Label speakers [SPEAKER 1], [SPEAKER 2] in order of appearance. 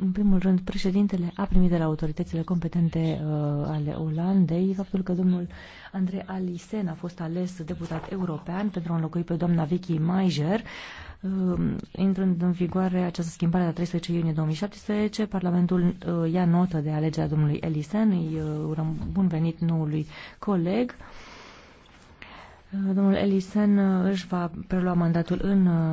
[SPEAKER 1] În primul rând, președintele a primit de la autoritățile competente uh, ale Olandei faptul că domnul Andrei Alisen a fost ales deputat european pentru a înlocui pe doamna Vicky Maijer. Uh, intrând în vigoare această schimbare la 13 iunie 2017, Parlamentul uh, ia notă de alegerea domnului Alisen. Îi uh, bun venit noului coleg. Uh, domnul Alisen uh, își va
[SPEAKER 2] prelua mandatul în uh,